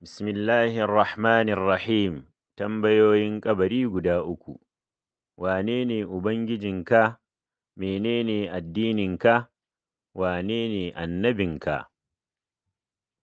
Bismillahirrahmanirrahim. Tambayoyin kabari guda uku. Wane ne Ubangijinka? Menene ne addininka? Wane ne annabinka?